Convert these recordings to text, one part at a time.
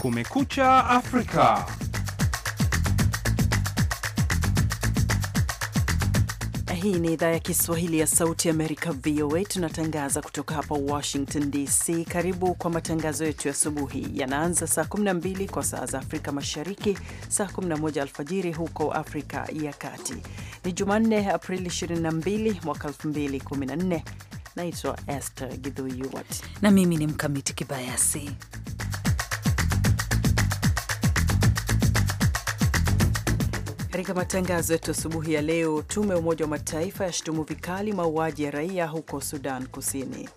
Kumekucha Afrika. Hii ni idhaa ya Kiswahili ya Sauti ya Amerika, VOA. Tunatangaza kutoka hapa Washington DC. Karibu kwa matangazo yetu ya asubuhi, yanaanza saa 12 kwa saa za Afrika Mashariki, saa 11 alfajiri huko Afrika ya Kati. Ni Jumanne, Aprili 22 mwaka 2014. Naitwa Esther Gidhuiwat na mimi ni Mkamiti Kibayasi. Katika matangazo yetu asubuhi ya leo, tume ya Umoja wa Mataifa yashutumu vikali mauaji ya raia huko Sudan Kusini.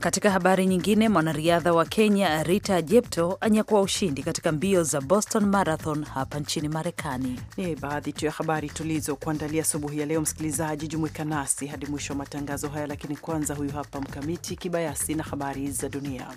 Katika habari nyingine, mwanariadha wa Kenya Rita Jepto anyakuwa ushindi katika mbio za Boston Marathon hapa nchini Marekani. Ni baadhi tu ya habari tulizokuandalia asubuhi ya leo. Msikilizaji, jumuika nasi hadi mwisho wa matangazo haya, lakini kwanza, huyu hapa Mkamiti Kibayasi na habari za dunia.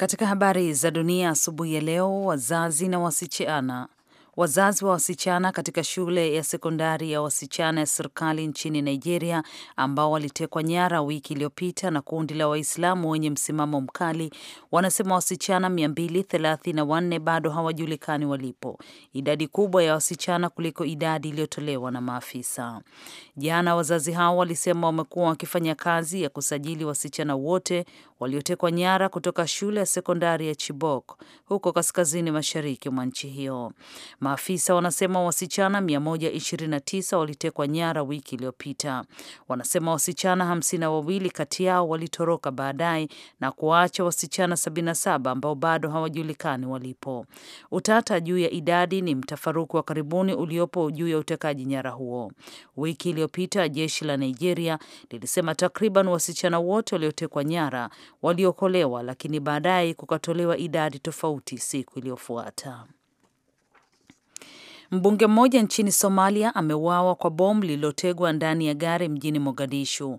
Katika habari za dunia asubuhi ya leo, wazazi na wasichana wazazi wa wasichana katika shule ya sekondari ya wasichana ya serikali nchini Nigeria ambao walitekwa nyara wiki iliyopita na kundi la Waislamu wenye msimamo mkali wanasema wasichana 234 bado hawajulikani walipo, idadi kubwa ya wasichana kuliko idadi iliyotolewa na maafisa. Jana wazazi hao walisema wamekuwa wakifanya kazi ya kusajili wasichana wote waliotekwa nyara kutoka shule ya sekondari ya Chibok huko kaskazini mashariki mwa nchi hiyo. Maafisa wanasema wasichana 129 walitekwa nyara wiki iliyopita. Wanasema wasichana hamsini na wawili kati yao walitoroka baadaye na kuwaacha wasichana 77 ambao bado hawajulikani walipo. Utata juu ya idadi ni mtafaruku wa karibuni uliopo juu ya utekaji nyara huo. Wiki iliyopita jeshi la Nigeria lilisema takriban wasichana wote waliotekwa nyara waliokolewa, lakini baadaye kukatolewa idadi tofauti siku iliyofuata. Mbunge mmoja nchini Somalia ameuawa kwa bomu lililotegwa ndani ya gari mjini Mogadishu.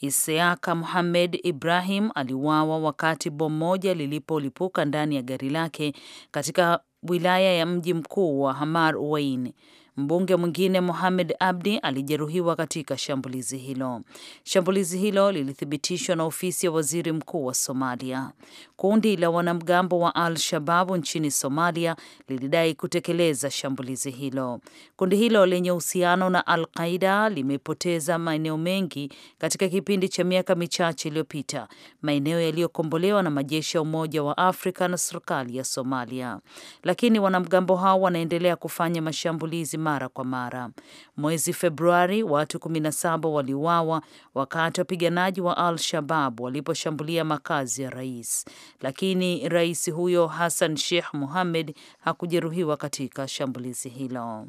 Iseaka Muhamed Ibrahim aliuawa wakati bomu moja lilipolipuka ndani ya gari lake katika wilaya ya mji mkuu wa Hamar wain Mbunge mwingine Mohamed Abdi alijeruhiwa katika shambulizi hilo. Shambulizi hilo lilithibitishwa na ofisi ya waziri mkuu wa Somalia. Kundi la wanamgambo wa Al Shababu nchini Somalia lilidai kutekeleza shambulizi hilo. Kundi hilo lenye uhusiano na Al Qaida limepoteza maeneo mengi katika kipindi cha miaka michache iliyopita, maeneo yaliyokombolewa na majeshi ya Umoja wa Afrika na serikali ya Somalia, lakini wanamgambo hao wanaendelea kufanya mashambulizi mara kwa mara. Mwezi Februari, watu 17 waliuawa wakati wapiganaji wa Al Shabab waliposhambulia makazi ya rais, lakini rais huyo Hassan Sheikh Mohamed hakujeruhiwa katika shambulizi hilo.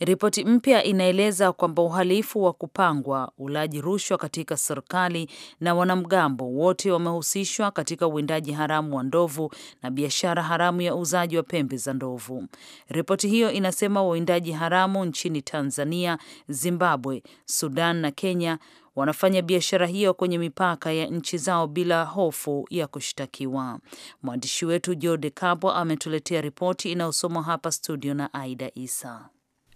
Ripoti mpya inaeleza kwamba uhalifu wa kupangwa, ulaji rushwa katika serikali na wanamgambo wote wamehusishwa katika uwindaji haramu wa ndovu na biashara haramu ya uuzaji wa pembe za ndovu. Ripoti hiyo inasema wawindaji haramu nchini Tanzania, Zimbabwe, Sudan na Kenya wanafanya biashara hiyo kwenye mipaka ya nchi zao bila hofu ya kushtakiwa. Mwandishi wetu Jode De Cabo ametuletea ripoti inayosomwa hapa studio na Aida Isa.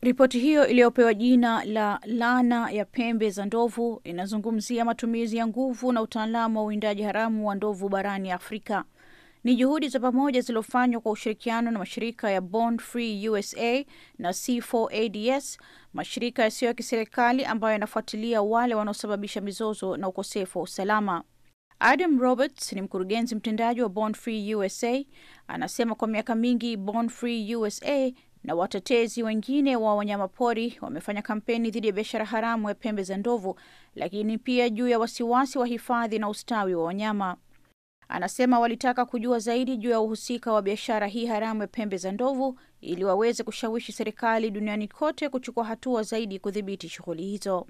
Ripoti hiyo iliyopewa jina la laana ya pembe za ndovu inazungumzia matumizi ya nguvu na utaalamu wa uwindaji haramu wa ndovu barani Afrika. Ni juhudi za pamoja zilizofanywa kwa ushirikiano na mashirika ya Bond Free USA na C4ADS, mashirika yasiyo ya kiserikali ambayo yanafuatilia wale wanaosababisha mizozo na ukosefu wa usalama. Adam Roberts ni mkurugenzi mtendaji wa Bond Free USA. Anasema kwa miaka mingi Bond Free USA na watetezi wengine wa wanyamapori wamefanya kampeni dhidi ya biashara haramu ya pembe za ndovu, lakini pia juu ya wasiwasi wa hifadhi na ustawi wa wanyama. Anasema walitaka kujua zaidi juu ya uhusika wa biashara hii haramu ya pembe za ndovu ili waweze kushawishi serikali duniani kote kuchukua hatua zaidi kudhibiti shughuli hizo.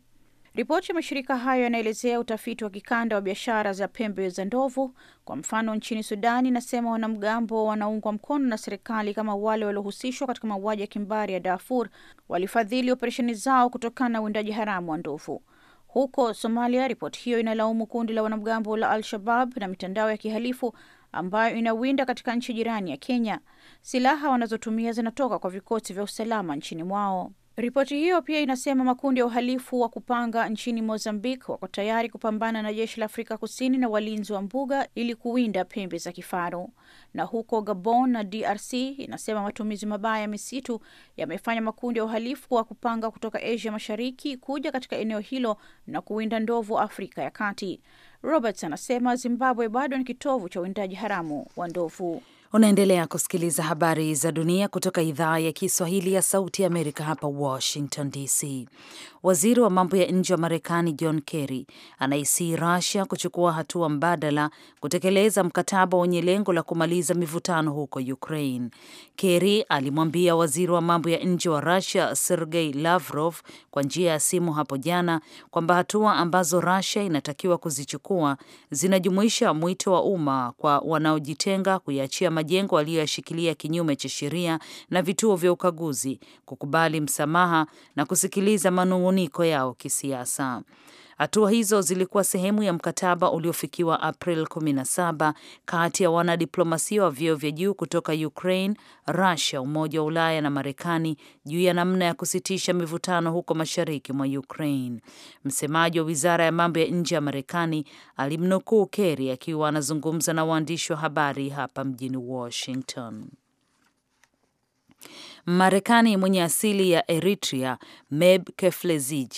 Ripoti ya mashirika hayo yanaelezea utafiti wa kikanda wa biashara za pembe za ndovu. Kwa mfano, nchini Sudani inasema wanamgambo wanaungwa mkono na serikali kama wale waliohusishwa katika mauaji ya kimbari ya Darfur walifadhili operesheni zao kutokana na uwindaji haramu wa ndovu. Huko Somalia, ripoti hiyo inalaumu kundi la wanamgambo la Al-Shabab na mitandao ya kihalifu ambayo inawinda katika nchi jirani ya Kenya. Silaha wanazotumia zinatoka kwa vikosi vya usalama nchini mwao. Ripoti hiyo pia inasema makundi ya uhalifu wa kupanga nchini Mozambique wako tayari kupambana na jeshi la Afrika Kusini na walinzi wa mbuga ili kuwinda pembe za kifaru. Na huko Gabon na DRC inasema matumizi mabaya ya misitu yamefanya makundi ya uhalifu wa kupanga kutoka Asia Mashariki kuja katika eneo hilo na kuwinda ndovu Afrika ya Kati. Roberts anasema Zimbabwe bado ni kitovu cha uwindaji haramu wa ndovu. Unaendelea kusikiliza habari za dunia kutoka idhaa ya Kiswahili ya Sauti ya Amerika hapa Washington DC. Waziri wa mambo ya nje wa Marekani John Kerry anaisii Russia kuchukua hatua mbadala kutekeleza mkataba wenye lengo la kumaliza mivutano huko Ukraine. Kerry alimwambia waziri wa mambo ya nje wa Russia Sergei Lavrov kwa njia ya simu hapo jana kwamba hatua ambazo Russia inatakiwa kuzichukua zinajumuisha mwito wa umma kwa wanaojitenga kuiachia majengo aliyoyashikilia kinyume cha sheria na vituo vya ukaguzi kukubali msamaha na kusikiliza manung'uniko yao kisiasa. Hatua hizo zilikuwa sehemu ya mkataba uliofikiwa April 17 kati ya wanadiplomasia wa vyeo vya juu kutoka Ukraine, Russia, Umoja wa Ulaya na Marekani juu ya namna ya kusitisha mivutano huko mashariki mwa Ukraine. Msemaji wa wizara ya mambo ya nje ya Marekani alimnukuu Kerry akiwa anazungumza na waandishi wa habari hapa mjini Washington. Marekani mwenye asili ya Eritrea Meb Keflezij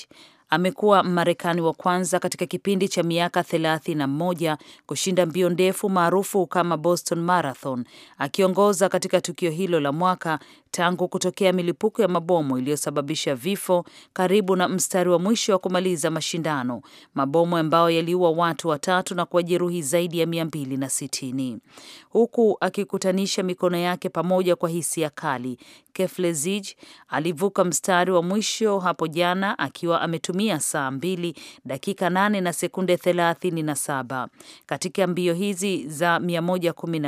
amekuwa Mmarekani wa kwanza katika kipindi cha miaka 31 kushinda mbio ndefu maarufu kama Boston Marathon, akiongoza katika tukio hilo la mwaka tangu kutokea milipuko ya mabomu iliyosababisha vifo karibu na mstari wa mwisho wa kumaliza mashindano, mabomu ambayo yaliua watu watatu na kuwajeruhi zaidi ya mia mbili na sitini. Huku akikutanisha mikono yake pamoja kwa hisia kali, Keflezig alivuka mstari wa mwisho hapo jana akiwa ametumia saa mbili dakika nane na sekunde thelathini na saba katika mbio hizi za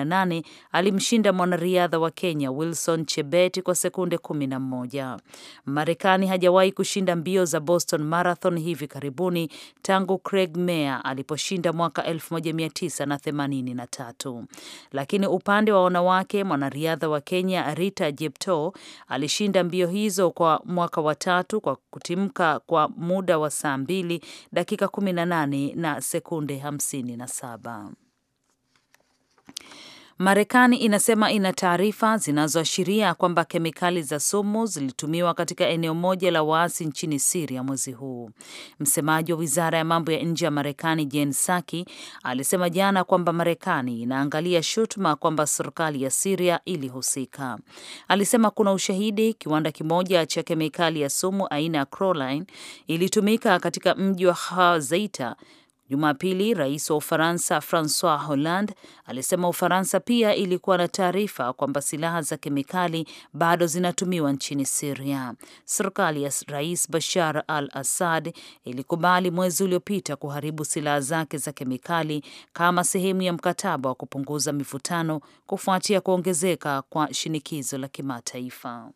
nane alimshinda mwanariadha wa Kenya Wilson Chebet wakati kwa sekunde 11. Marekani hajawahi kushinda mbio za Boston Marathon hivi karibuni tangu Craig Mayer aliposhinda mwaka 1983. Lakini upande wa wanawake, mwanariadha wa Kenya Rita jepto alishinda mbio hizo kwa mwaka wa tatu kwa kutimka kwa muda wa saa 2 dakika 18 na sekunde 57. Marekani inasema ina taarifa zinazoashiria kwamba kemikali za sumu zilitumiwa katika eneo moja la waasi nchini Siria mwezi huu. Msemaji wa wizara ya mambo ya nje ya Marekani Jen saki alisema jana kwamba Marekani inaangalia shutuma kwamba serikali ya Siria ilihusika. Alisema kuna ushahidi kiwanda kimoja cha kemikali ya sumu aina ya Crolin ilitumika katika mji wa Hazeita Jumapili, rais wa Ufaransa Francois Hollande alisema Ufaransa pia ilikuwa na taarifa kwamba silaha za kemikali bado zinatumiwa nchini Siria. Serikali ya rais Bashar al Assad ilikubali mwezi uliopita kuharibu silaha zake za kemikali kama sehemu ya mkataba wa kupunguza mivutano kufuatia kuongezeka kwa shinikizo la kimataifa.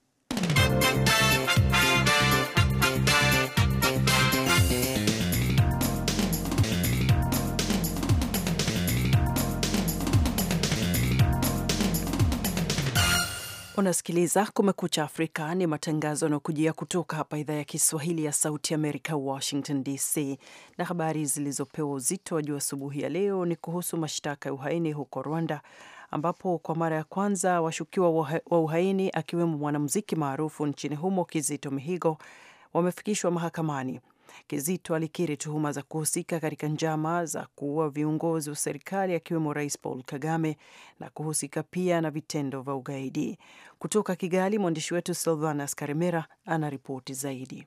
unasikiliza Kumekucha Afrika, ni matangazo yanayokujia kutoka hapa idhaa ya Kiswahili ya Sauti Amerika, Washington DC. Na habari zilizopewa uzito wa juu asubuhi ya leo ni kuhusu mashtaka ya uhaini huko Rwanda, ambapo kwa mara ya kwanza washukiwa wa uhaini akiwemo mwanamuziki maarufu nchini humo Kizito Mihigo wamefikishwa mahakamani. Kizito alikiri tuhuma za kuhusika katika njama za kuua viongozi wa serikali akiwemo Rais Paul Kagame na kuhusika pia na vitendo vya ugaidi. Kutoka Kigali, mwandishi wetu Silvanas Karemera ana ripoti zaidi.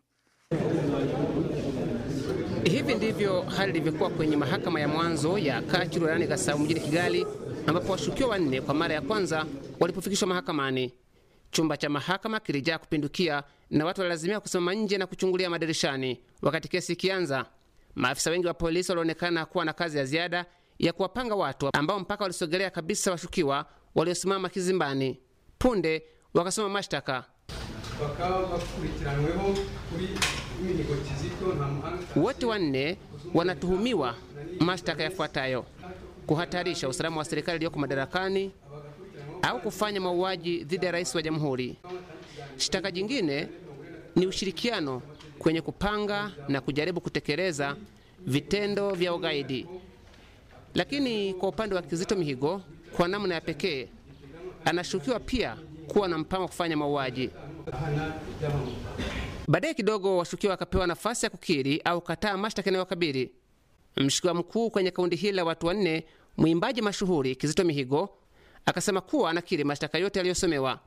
Hivi ndivyo hali ilivyokuwa kwenye mahakama ya mwanzo ya Kachuru rani Gasabo mjini Kigali, ambapo washukiwa wanne kwa mara ya kwanza walipofikishwa mahakamani. Chumba cha mahakama kilijaa kupindukia na watu walilazimika kusimama nje na kuchungulia madirishani wakati kesi ikianza. Maafisa wengi wa polisi walionekana kuwa na kazi ya ziada ya kuwapanga watu ambao mpaka walisogelea kabisa washukiwa waliosimama kizimbani. Punde wakasoma mashtaka. Wote wanne wanatuhumiwa mashtaka yafuatayo: kuhatarisha usalama wa serikali iliyoko madarakani au kufanya mauaji dhidi ya rais wa jamhuri. Shtaka jingine ni ushirikiano kwenye kupanga na kujaribu kutekeleza vitendo vya ugaidi. Lakini kwa upande wa Kizito Mihigo, kwa namna ya pekee, anashukiwa pia kuwa na mpango wa kufanya mauaji. Baadaye kidogo, washukiwa wakapewa nafasi ya kukiri au kataa mashtaka yanayowakabili. Mshukiwa mkuu kwenye kaundi hili la watu wanne, mwimbaji mashuhuri Kizito Mihigo akasema kuwa anakiri mashtaka yote yaliyosomewa,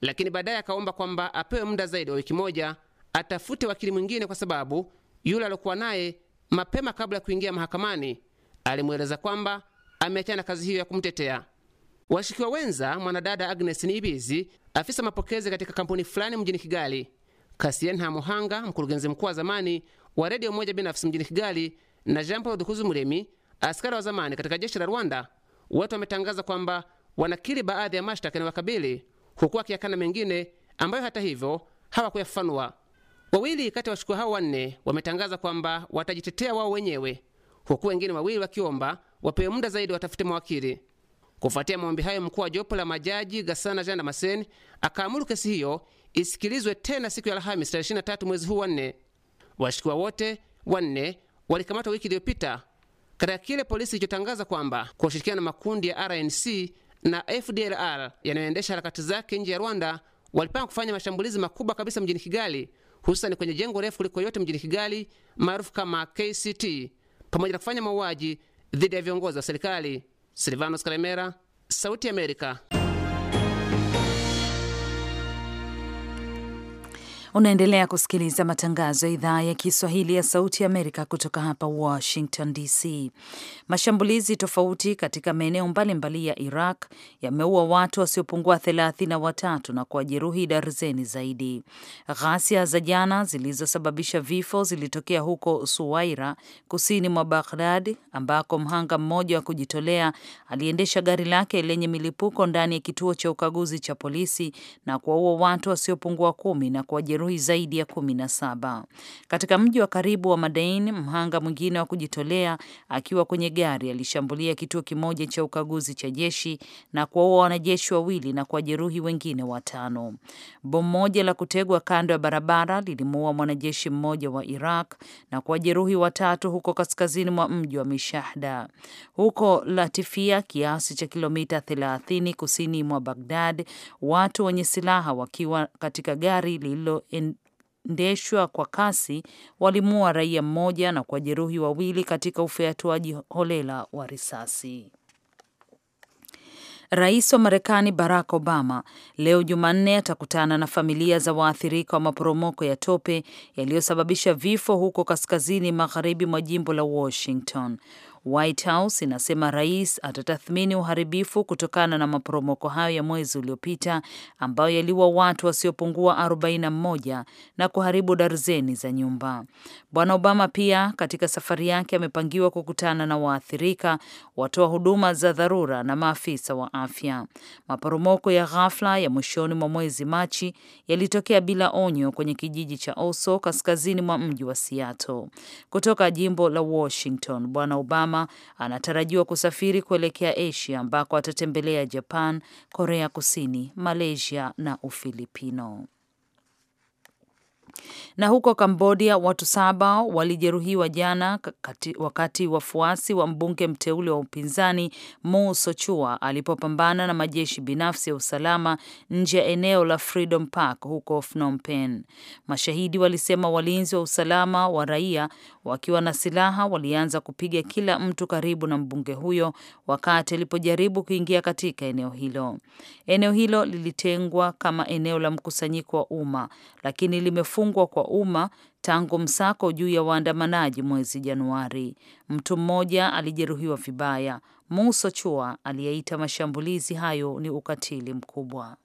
lakini baadaye akaomba kwamba apewe muda zaidi wa wiki moja atafute wakili mwingine, kwa sababu yule aliokuwa naye mapema kabla ya kuingia mahakamani alimweleza kwamba ameachana kazi hiyo ya kumtetea. Washikiwa wenza mwanadada Agnes Nibizi, afisa mapokezi katika kampuni fulani mjini Kigali, Kasien Muhanga, mkurugenzi mkuu wa zamani wa redio moja binafsi mjini Kigali, na Jean Paul Dukuzu askari wa zamani katika jeshi la Rwanda, watu wametangaza kwamba wanakiri baadhi ya mashtaka yanayowakabili huku wakiakana mengine ambayo hata hivyo hawakuyafafanua. Wawili kati ya washukiwa hao wanne wametangaza kwamba watajitetea wao wenyewe, huku wengine wawili wakiomba wapewe muda zaidi watafute mawakili. Kufuatia maombi hayo, mkuu wa jopo la majaji Gasana Jean Damasen akaamuru kesi hiyo isikilizwe tena siku ya Alhamisi tarehe 23 mwezi huu wa nne. Washukiwa wote wanne walikamatwa wiki iliyopita katika kile polisi ilichotangaza kwamba kwa ushirikiano na makundi ya RNC na FDLR yanayoendesha harakati zake nje ya Rwanda walipanga kufanya mashambulizi makubwa kabisa mjini Kigali, hususani kwenye jengo refu kuliko yote mjini Kigali maarufu kama KCT, pamoja na kufanya mauaji dhidi ya viongozi wa serikali. Silvanos Karemera, Sauti ya Amerika. Unaendelea kusikiliza matangazo ya idhaa ya Kiswahili ya Sauti Amerika kutoka hapa Washington DC. Mashambulizi tofauti katika maeneo mbalimbali ya Iraq yameua watu wasiopungua thelathini na watatu na kuwajeruhi darzeni zaidi. Ghasia za jana zilizosababisha vifo zilitokea huko Suwaira, kusini mwa Baghdad, ambako mhanga mmoja wa kujitolea aliendesha gari lake lenye milipuko ndani ya kituo cha ukaguzi cha polisi na kuwaua watu wasiopungua kumi na kuwajeruhi majeruhi zaidi ya kumi na saba. Katika mji wa karibu wa Madain, mhanga mwingine wa kujitolea akiwa kwenye gari alishambulia kituo kimoja cha ukaguzi cha jeshi na kuwaua wanajeshi wawili na kuwajeruhi wengine watano. Bomu moja la kutegwa kando ya barabara lilimuua mwanajeshi mmoja wa Iraq na kuwajeruhi watatu huko kaskazini mwa mji wa Mishahda. Huko Latifia, kiasi cha kilomita 30 kusini mwa Bagdad, watu wenye silaha wakiwa katika gari lililo endeshwa kwa kasi walimua raia mmoja na jeruhi wawili katika ufyatuaji holela wa risasi. Rais wa Marekani Barack Obama leo Jumanne atakutana na familia za waathirika wa maporomoko ya tope yaliyosababisha vifo huko kaskazini magharibi mwa jimbo la Washington. White House inasema rais atatathmini uharibifu kutokana na maporomoko hayo ya mwezi uliopita ambayo yaliwa watu wasiopungua 41 na kuharibu darzeni za nyumba. Bwana Obama pia katika safari yake amepangiwa kukutana na waathirika, watoa huduma za dharura na maafisa wa afya. Maporomoko ya ghafla ya mwishoni mwa mwezi Machi yalitokea bila onyo kwenye kijiji cha Oso kaskazini mwa mji wa Seattle. Kutoka jimbo la Washington, Bwana Obama Obama anatarajiwa kusafiri kuelekea Asia ambako atatembelea Japan, Korea Kusini, Malaysia na Ufilipino. Na huko Kambodia, watu saba walijeruhiwa jana wakati wafuasi wa mbunge mteule wa upinzani Mo Sochua alipopambana na majeshi binafsi ya usalama nje ya eneo la Freedom Park huko Phnom Penh. Mashahidi walisema walinzi wa usalama wa raia wakiwa na silaha walianza kupiga kila mtu karibu na mbunge huyo wakati alipojaribu kuingia katika eneo hilo. Eneo hilo lilitengwa kama eneo la mkusanyiko wa umma, lakini limefungwa kufungwa kwa umma tangu msako juu ya waandamanaji mwezi Januari. Mtu mmoja alijeruhiwa vibaya. muso chua aliyeita mashambulizi hayo ni ukatili mkubwa.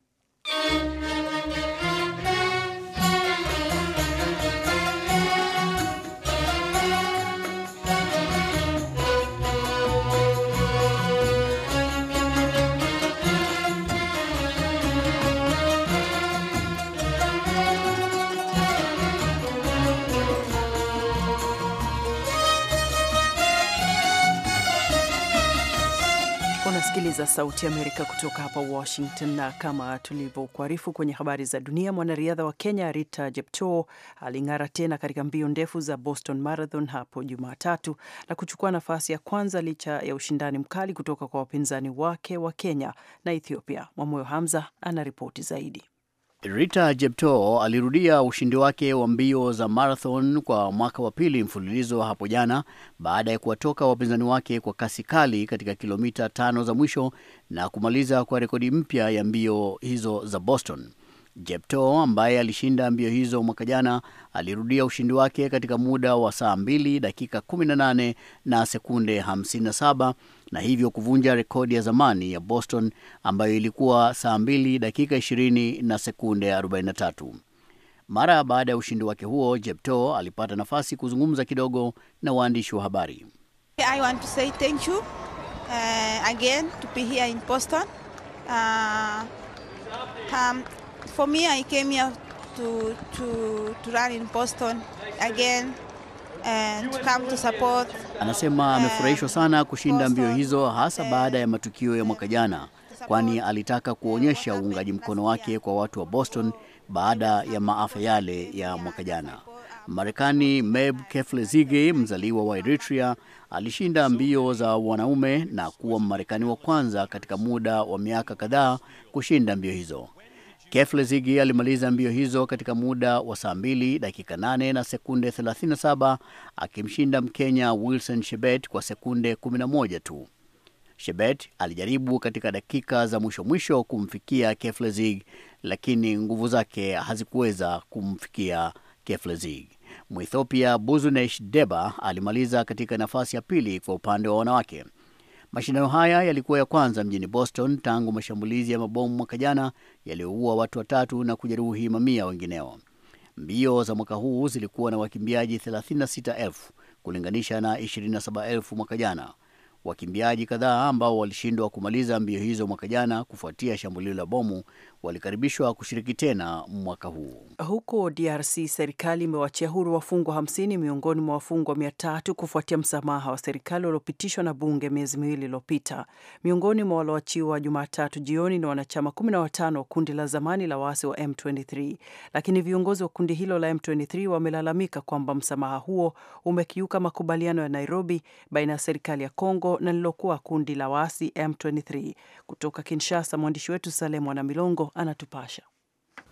za Sauti Amerika kutoka hapa Washington, na kama tulivyokuarifu kwenye habari za dunia, mwanariadha wa Kenya Rita jepto aling'ara tena katika mbio ndefu za Boston Marathon hapo Jumatatu na kuchukua nafasi ya kwanza licha ya ushindani mkali kutoka kwa wapinzani wake wa Kenya na Ethiopia. Mwamoyo Hamza anaripoti zaidi. Rita Jepto alirudia ushindi wake wa mbio za marathon kwa mwaka wa pili mfululizo hapo jana baada ya kuwatoka wapinzani wake kwa kasi kali katika kilomita tano za mwisho na kumaliza kwa rekodi mpya ya mbio hizo za Boston. Jepto ambaye alishinda mbio hizo mwaka jana alirudia ushindi wake katika muda wa saa 2 dakika 18 na sekunde 57 na hivyo kuvunja rekodi ya zamani ya Boston ambayo ilikuwa saa 2 dakika 20 na sekunde 43. Mara baada ya ushindi wake huo, Jepto alipata nafasi kuzungumza kidogo na waandishi wa habari. I want to say thank you, uh, again to be here in Boston. Uh, um, for me, I came here to, to, to run in Boston again and come to support. Anasema uh, amefurahishwa sana kushinda mbio hizo hasa baada ya matukio ya mwaka jana, kwani alitaka kuonyesha uungaji mkono wake kwa watu wa Boston baada ya maafa yale ya mwaka jana. Marekani Meb keflezige mzaliwa wa Eritrea alishinda mbio za wanaume na kuwa Mmarekani wa kwanza katika muda wa miaka kadhaa kushinda mbio hizo. Keflezigi alimaliza mbio hizo katika muda wa saa 2 dakika 8 na sekunde 37 akimshinda Mkenya Wilson shebet kwa sekunde 11 tu. shebet alijaribu katika dakika za mwisho mwisho kumfikia Keflezig, lakini nguvu zake hazikuweza kumfikia Keflezig. Mwethiopia Buzunesh Deba alimaliza katika nafasi ya pili kwa upande wa wanawake. Mashindano haya yalikuwa ya kwanza mjini Boston tangu mashambulizi ya mabomu mwaka jana yaliyoua watu watatu na kujeruhi mamia wengineo. Mbio za mwaka huu zilikuwa na wakimbiaji 36,000 kulinganisha na 27,000 mwaka jana. Wakimbiaji kadhaa ambao walishindwa kumaliza mbio hizo mwaka jana kufuatia shambulio la bomu walikaribishwa kushiriki tena mwaka huu. Huko DRC, serikali imewachia huru wafungwa 50 miongoni mwa wafungwa 300 kufuatia msamaha wa serikali uliopitishwa na bunge miezi miwili iliyopita. Miongoni mwa walioachiwa Jumatatu jioni ni wanachama 15 wa kundi la zamani la waasi wa M23, lakini viongozi wa kundi hilo la M23 wamelalamika kwamba msamaha huo umekiuka makubaliano ya Nairobi baina ya serikali ya congo na lilokuwa kundi la waasi M23. Kutoka Kinshasa, mwandishi wetu Salemu Mwana Milongo anatupasha.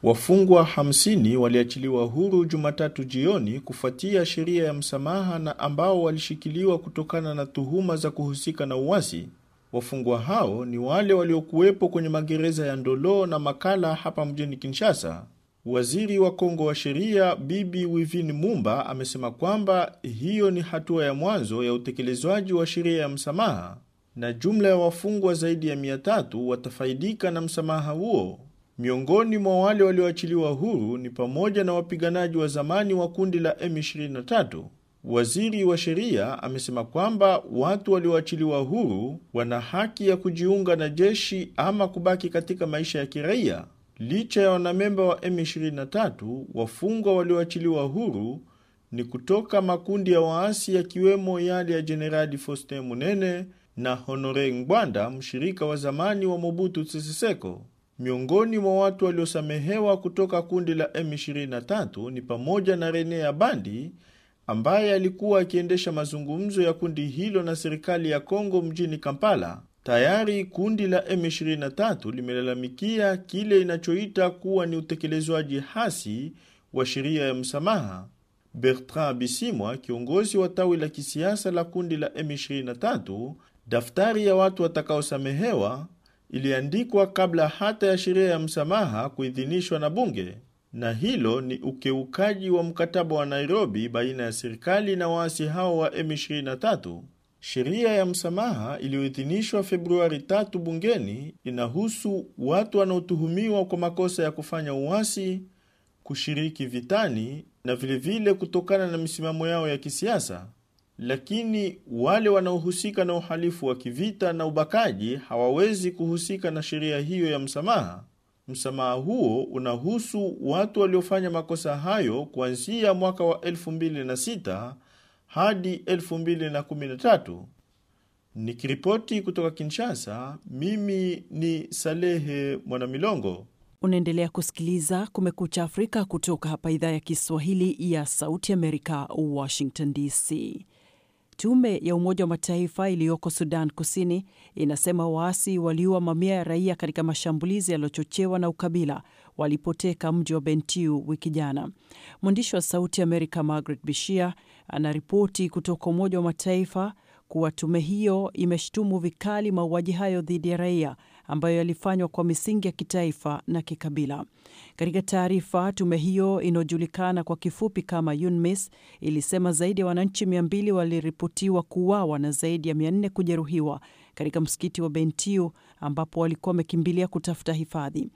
Wafungwa 50 waliachiliwa huru Jumatatu jioni kufuatia sheria ya msamaha na ambao walishikiliwa kutokana na tuhuma za kuhusika na uasi. Wafungwa hao ni wale waliokuwepo kwenye magereza ya Ndolo na Makala hapa mjini Kinshasa. Waziri wa Kongo wa sheria Bibi wivin Mumba amesema kwamba hiyo ni hatua ya mwanzo ya utekelezwaji wa sheria ya msamaha na jumla ya wafungwa zaidi ya 3 watafaidika na msamaha huo. Miongoni mwa wale walioachiliwa huru ni pamoja na wapiganaji wa zamani wa kundi la M23. Waziri wa sheria amesema kwamba watu walioachiliwa huru wana haki ya kujiunga na jeshi ama kubaki katika maisha ya kiraia. Licha ya wanamemba wa M23, wafungwa walioachiliwa huru ni kutoka makundi ya waasi yakiwemo yale ya Jenerali Faustin Munene na Honore Ngwanda, mshirika wa zamani wa Mobutu Sese Seko. Miongoni mwa watu waliosamehewa kutoka kundi la M23 ni pamoja na Rene Abandi ambaye alikuwa akiendesha mazungumzo ya kundi hilo na serikali ya Kongo mjini Kampala. Tayari kundi la M23 limelalamikia kile inachoita kuwa ni utekelezwaji hasi wa sheria ya msamaha. Bertrand Bisimwa, kiongozi wa tawi la kisiasa la kundi la M23, daftari ya watu watakaosamehewa iliandikwa kabla hata ya sheria ya msamaha kuidhinishwa na bunge na hilo ni ukiukaji wa mkataba wa Nairobi baina ya serikali na waasi hao wa M23. Sheria ya msamaha iliyoidhinishwa Februari 3 bungeni inahusu watu wanaotuhumiwa kwa makosa ya kufanya uasi, kushiriki vitani na vilevile vile kutokana na misimamo yao ya kisiasa lakini wale wanaohusika na uhalifu wa kivita na ubakaji hawawezi kuhusika na sheria hiyo ya msamaha. Msamaha huo unahusu watu waliofanya makosa hayo kuanzia mwaka wa 2006 hadi 2013. Nikiripoti kutoka Kinshasa, mimi ni Salehe Mwanamilongo. Unaendelea kusikiliza Kumekucha Afrika kutoka hapa idhaa ya Kiswahili ya Sauti Amerika, Washington DC. Tume ya Umoja wa Mataifa iliyoko Sudan Kusini inasema waasi waliua mamia ya raia katika mashambulizi yaliyochochewa na ukabila walipoteka mji wa Bentiu wiki jana. Mwandishi wa Sauti Amerika Margaret Bishia anaripoti kutoka Umoja wa Mataifa kuwa tume hiyo imeshtumu vikali mauaji hayo dhidi ya raia ambayo yalifanywa kwa misingi ya kitaifa na kikabila. Katika taarifa, tume hiyo inayojulikana kwa kifupi kama UNMISS ilisema zaidi ya wananchi 200 waliripotiwa kuuawa na zaidi ya 400 kujeruhiwa katika msikiti wa Bentiu ambapo walikuwa wamekimbilia kutafuta hifadhi.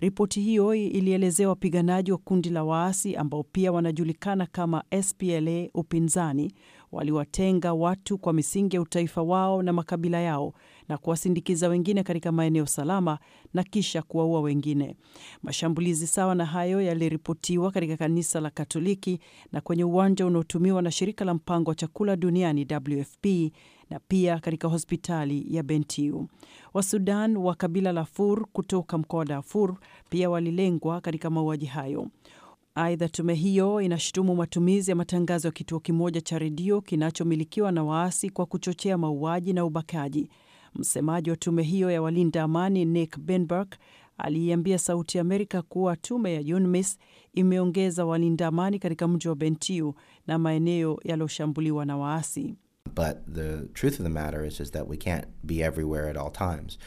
Ripoti hiyo ilielezea wapiganaji wa kundi la waasi ambao pia wanajulikana kama SPLA upinzani, waliwatenga watu kwa misingi ya utaifa wao na makabila yao na kuwasindikiza wengine katika maeneo salama na kisha kuwaua wengine. Mashambulizi sawa na hayo yaliripotiwa katika kanisa la Katoliki na kwenye uwanja unaotumiwa na shirika la mpango wa chakula duniani WFP na pia katika hospitali ya Bentiu. Wasudan wa kabila la Fur kutoka mkoa wa Darfur pia walilengwa katika mauaji hayo. Aidha, tume hiyo inashutumu matumizi ya matangazo ya kituo kimoja cha redio kinachomilikiwa na waasi kwa kuchochea mauaji na ubakaji Msemaji wa tume hiyo ya walinda amani Nick Benberg aliiambia Sauti Amerika kuwa tume ya UNMISS imeongeza walinda amani katika mji wa Bentiu na maeneo yaliyoshambuliwa na waasi. But the truth of the matter is, is that we can't be everywhere at all times.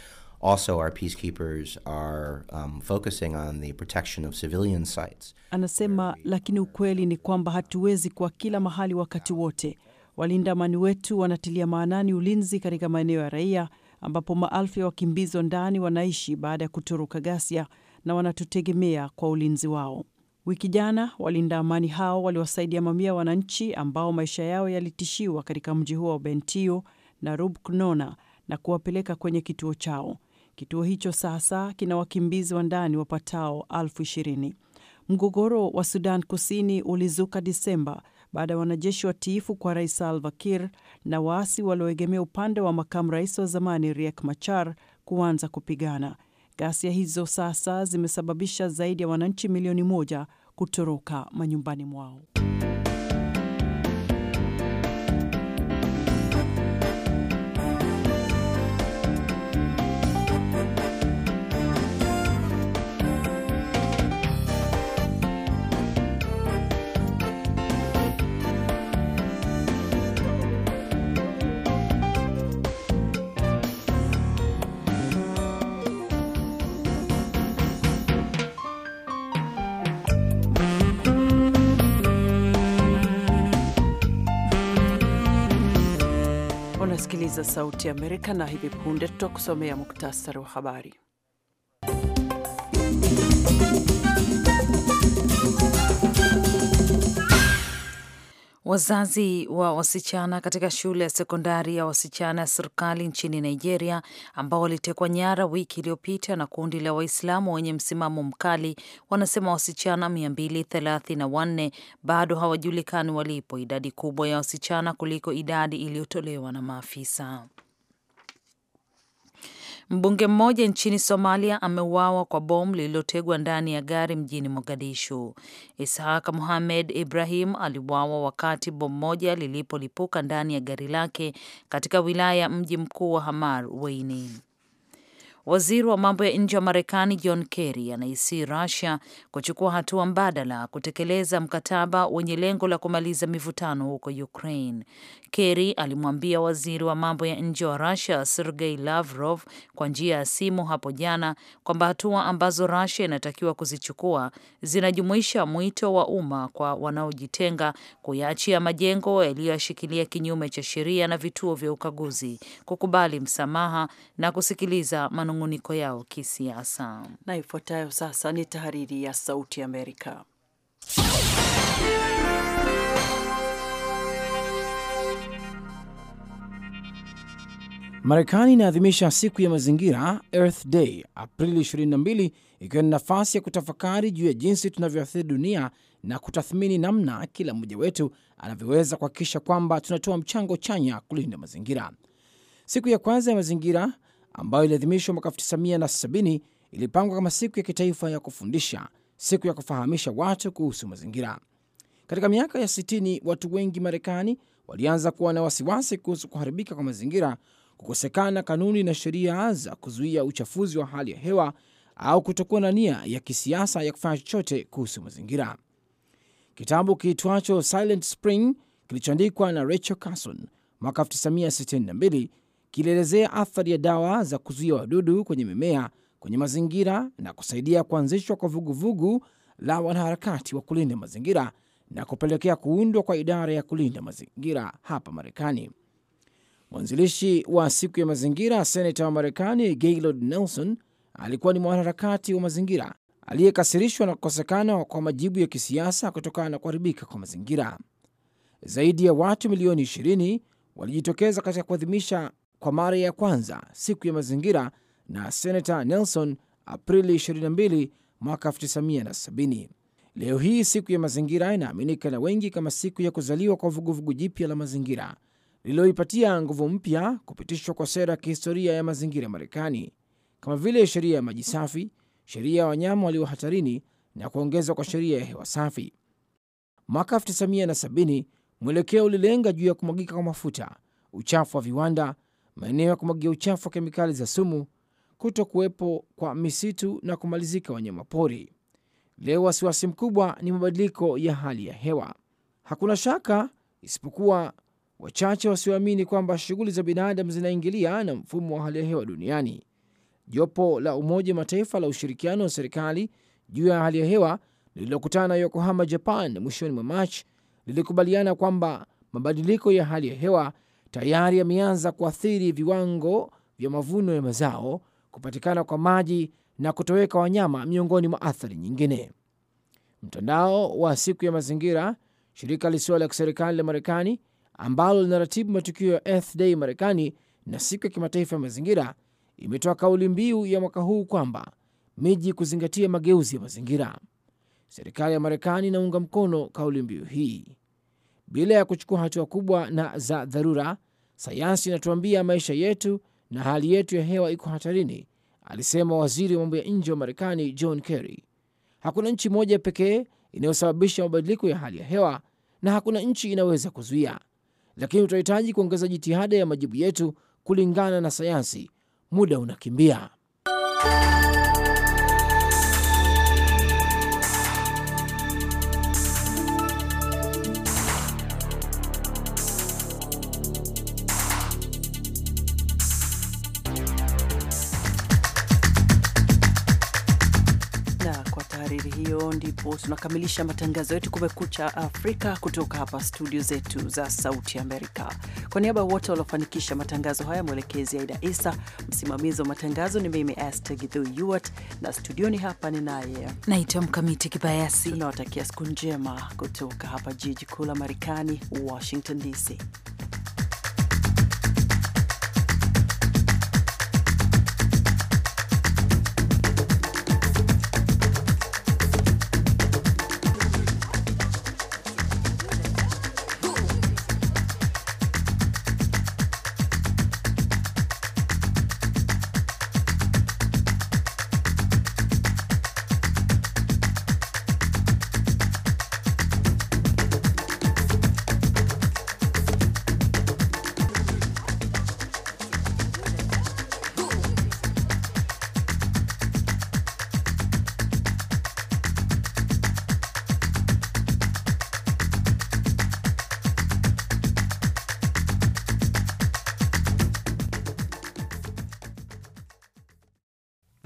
Also, our peacekeepers are um, focusing on the protection of civilian sites. Anasema, lakini ukweli ni kwamba hatuwezi kwa kila mahali wakati wote Walinda amani wetu wanatilia maanani ulinzi katika maeneo ya raia ambapo maelfu ya wakimbizi wa ndani wanaishi baada ya kutoroka ghasia na wanatutegemea kwa ulinzi wao. Wiki jana walinda amani hao waliwasaidia mamia wananchi ambao maisha yao yalitishiwa katika mji huo wa Bentio na Rubknona na kuwapeleka kwenye kituo chao. Kituo hicho sasa kina wakimbizi wa ndani wapatao elfu ishirini. Mgogoro wa Sudan Kusini ulizuka Disemba baada ya wanajeshi watiifu kwa Rais Salva Kiir na waasi walioegemea upande wa makamu rais wa zamani Riek Machar kuanza kupigana. Ghasia hizo sasa zimesababisha zaidi ya wananchi milioni moja kutoroka manyumbani mwao. unasikiliza Sauti ya Amerika na hivi punde tutakusomea muktasari wa habari. Wazazi wa wasichana katika shule ya sekondari ya wasichana ya serikali nchini Nigeria ambao walitekwa nyara wiki iliyopita na kundi la Waislamu wenye msimamo mkali wanasema wasichana 234 bado hawajulikani walipo, idadi kubwa ya wasichana kuliko idadi iliyotolewa na maafisa. Mbunge mmoja nchini Somalia ameuawa kwa bomu lililotegwa ndani ya gari mjini Mogadishu. Ishaq muhamed Ibrahim aliuawa wakati bomu moja lilipolipuka ndani ya gari lake katika wilaya ya mji mkuu wa Hamar Weini. Waziri wa mambo ya nje wa Marekani John Kerry anaisii Russia kuchukua hatua mbadala kutekeleza mkataba wenye lengo la kumaliza mivutano huko Ukraine. Kerry alimwambia waziri wa mambo ya nje wa Russia Sergei Lavrov kwa njia ya simu hapo jana kwamba hatua ambazo Russia inatakiwa kuzichukua zinajumuisha mwito wa umma kwa wanaojitenga kuyaachia majengo yaliyoyashikilia kinyume cha sheria na vituo vya ukaguzi, kukubali msamaha na kusikiliza manung'uniko yao kisiasa. Na ifuatayo sasa ni tahariri ya Sauti Amerika. Marekani inaadhimisha siku ya mazingira Earth Day Aprili 22 ikiwa ni nafasi ya kutafakari juu ya jinsi tunavyoathiri dunia na kutathmini namna kila mmoja wetu anavyoweza kuhakikisha kwamba tunatoa mchango chanya kulinda mazingira. Siku ya kwanza ya mazingira ambayo iliadhimishwa mwaka 1970 ilipangwa kama siku ya kitaifa ya kufundisha, siku ya kufahamisha watu kuhusu mazingira. Katika miaka ya 60 watu wengi Marekani walianza kuwa na wasiwasi kuhusu kuharibika kwa mazingira kukosekana kanuni na sheria za kuzuia uchafuzi wa hali ya hewa au kutokuwa na nia ya kisiasa ya kufanya chochote kuhusu mazingira. Kitabu kiitwacho Silent Spring kilichoandikwa na Rachel Carson mwaka 1962 kilielezea athari ya dawa za kuzuia wadudu kwenye mimea kwenye mazingira na kusaidia kuanzishwa kwa vuguvugu vugu la wanaharakati wa kulinda mazingira na kupelekea kuundwa kwa idara ya kulinda mazingira hapa Marekani. Mwanzilishi wa siku ya mazingira, seneta wa Marekani Gaylord Nelson alikuwa ni mwanaharakati wa mazingira aliyekasirishwa na kukosekana kwa majibu ya kisiasa kutokana na kuharibika kwa mazingira. Zaidi ya watu milioni 20 walijitokeza katika kuadhimisha kwa mara ya kwanza siku ya mazingira na senata Nelson Aprili 22 mwaka 1970. Leo hii siku ya mazingira inaaminika na wengi kama siku ya kuzaliwa kwa vuguvugu jipya la mazingira lililoipatia nguvu mpya kupitishwa kwa sera ya kihistoria ya mazingira ya Marekani, kama vile sheria ya maji safi, sheria ya wanyama walio hatarini na kuongezwa kwa sheria ya hewa safi. Mwaka 1970 mwelekeo ulilenga juu ya kumwagika kwa mafuta, uchafu wa viwanda, maeneo ya kumwagia uchafu wa kemikali za sumu, kuto kuwepo kwa misitu na kumalizika wanyama pori. Leo wasiwasi mkubwa ni mabadiliko ya hali ya hewa. Hakuna shaka isipokuwa wachache wasioamini kwamba shughuli za binadamu zinaingilia na mfumo wa hali ya hewa duniani. Jopo la Umoja Mataifa la ushirikiano wa serikali juu ya hali ya hewa lililokutana Yokohama, Japan mwishoni mwa Machi lilikubaliana kwamba mabadiliko ya hali ya hewa tayari yameanza kuathiri viwango vya mavuno ya mazao, kupatikana kwa maji na kutoweka wanyama, miongoni mwa athari nyingine. Mtandao wa siku ya mazingira, shirika lisilo la kiserikali la Marekani ambalo linaratibu matukio ya Earth Day Marekani na siku ya kimataifa ya mazingira, imetoa kauli mbiu ya mwaka huu kwamba miji kuzingatia mageuzi ya mazingira. Serikali ya Marekani inaunga mkono kauli mbiu hii. Bila ya kuchukua hatua kubwa na za dharura, sayansi inatuambia maisha yetu na hali yetu ya hewa iko hatarini, alisema waziri wa mambo ya nje wa Marekani John Kerry. Hakuna nchi moja pekee inayosababisha mabadiliko ya hali ya hewa na hakuna nchi inaweza kuzuia, lakini tutahitaji kuongeza jitihada ya majibu yetu kulingana na sayansi. Muda unakimbia. tahariri hiyo, ndipo tunakamilisha matangazo yetu Kumekucha Afrika kutoka hapa studio zetu za Sauti Amerika. Kwa niaba ya wote waliofanikisha matangazo haya, mwelekezi Aida Isa, msimamizi wa matangazo ni mimi Astgthuat, na studioni hapa ni naye naitwa Mkamiti Kibayasi. Tunawatakia siku njema kutoka hapa jiji kuu la Marekani, Washington DC.